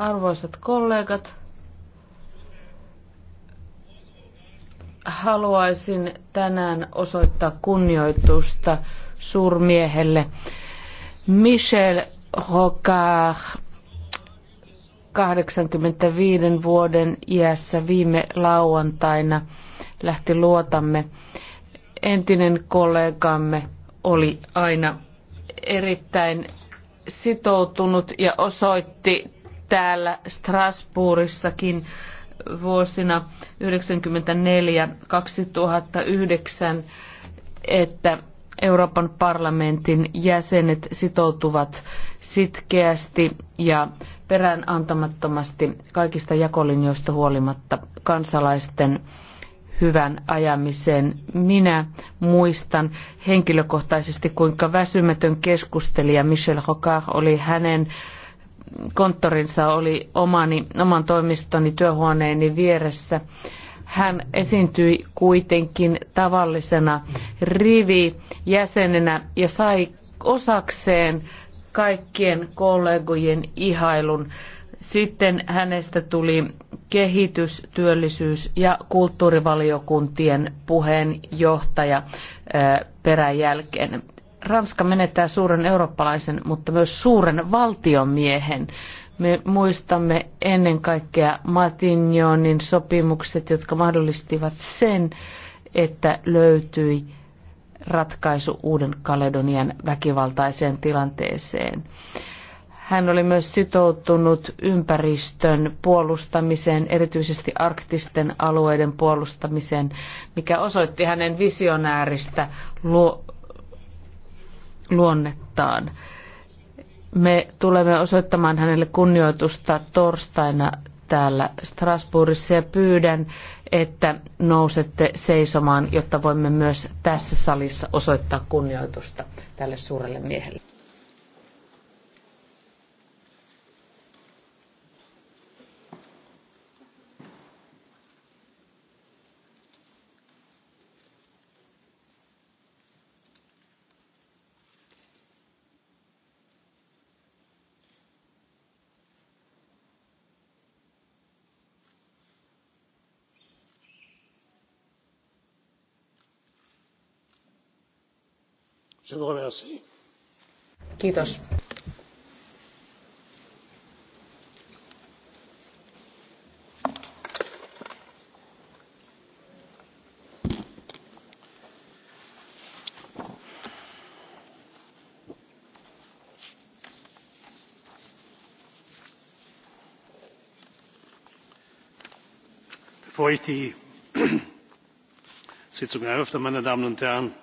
Arvoisat kollegat, haluaisin tänään osoittaa kunnioitusta suurmiehelle Michel Rocard 85 vuoden iässä viime lauantaina lähti luotamme. Entinen kollegamme oli aina erittäin sitoutunut ja osoitti täällä Strasbourgissakin vuosina 1994-2009, että Euroopan parlamentin jäsenet sitoutuvat sitkeästi ja peräänantamattomasti kaikista jakolinjoista huolimatta kansalaisten hyvän ajamiseen. Minä muistan henkilökohtaisesti, kuinka väsymätön keskustelija Michel Rocard oli hänen konttorinsa oli omani, oman toimistoni työhuoneeni vieressä. Hän esiintyi kuitenkin tavallisena rivijäsenenä ja sai osakseen kaikkien kollegojen ihailun. Sitten hänestä tuli kehitys-, työllisyys- ja kulttuurivaliokuntien puheenjohtaja peräjälkeen. Ranska menettää suuren eurooppalaisen, mutta myös suuren valtionmiehen. Me muistamme ennen kaikkea Matignonin sopimukset, jotka mahdollistivat sen, että löytyi ratkaisu Uuden Kaledonian väkivaltaiseen tilanteeseen. Hän oli myös sitoutunut ympäristön puolustamiseen, erityisesti arktisten alueiden puolustamiseen, mikä osoitti hänen visionääristä luonnettaan. Me tulemme osoittamaan hänelle kunnioitusta torstaina täällä Strasbourgissa ja pyydän, että nousette seisomaan, jotta voimme myös tässä salissa osoittaa kunnioitusta tälle suurelle miehelle. Kiitos. bevor ich die sitzung eröffne meine damen und herren!